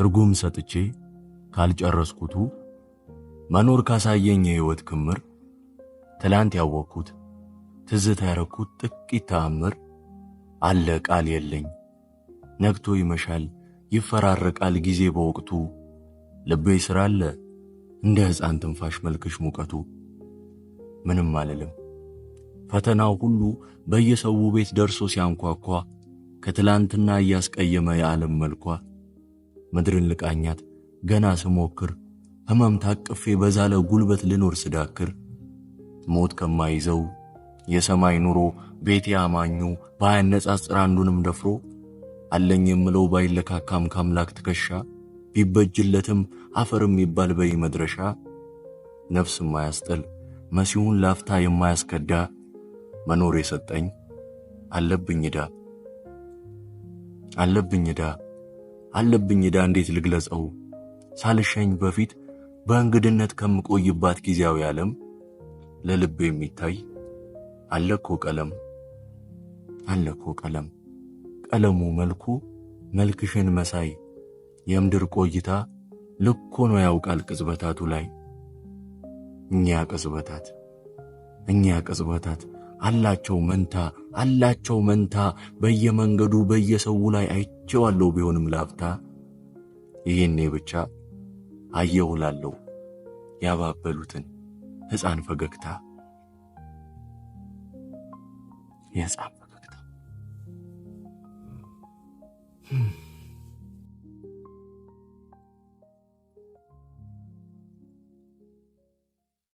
ትርጉም ሰጥቼ ካልጨረስኩቱ መኖር ካሳየኝ የሕይወት ክምር ትላንት ያወቅኩት ትዝታ ያረኩት ጥቂት ተአምር አለ ቃል የለኝ ነግቶ ይመሻል ይፈራረቃል ጊዜ በወቅቱ ልቤ ስራ አለ እንደ ሕፃን ትንፋሽ መልክሽ ሙቀቱ ምንም አልልም ፈተናው ሁሉ በየሰው ቤት ደርሶ ሲያንኳኳ ከትላንትና እያስቀየመ የዓለም መልኳ ምድርን ልቃኛት ገና ስሞክር ሕመም ታቅፌ በዛለ ጉልበት ልኖር ስዳክር ሞት ከማይዘው የሰማይ ኑሮ ቤት አማኙ ባያነጻጽር አንዱንም ደፍሮ አለኝ የምለው ባይለካካም ካምላክ ትከሻ ቢበጅለትም አፈር የሚባል በይ መድረሻ ነፍስ የማያስጥል መሲሁን ላፍታ የማያስከዳ መኖር የሰጠኝ አለብኝ ዕዳ አለብኝ ዕዳ አለብኝ ዕዳ እንዴት ልግለጸው? ሳልሸኝ በፊት በእንግድነት ከምቆይባት ጊዜያዊ ዓለም ለልብ የሚታይ አለኮ ቀለም አለኮ ቀለም ቀለሙ መልኩ መልክሽን መሳይ የምድር ቆይታ ልኮ ነው ያውቃል ቅጽበታቱ ላይ እኛ ቅጽበታት እኛ ቅጽበታት አላቸው መንታ አላቸው መንታ በየመንገዱ በየሰው ላይ አይቼዋለሁ። ቢሆንም ላፍታ ይህኔ ብቻ አየውላለሁ ያባበሉትን ሕፃን ፈገግታ የሕፃን ፈገግታ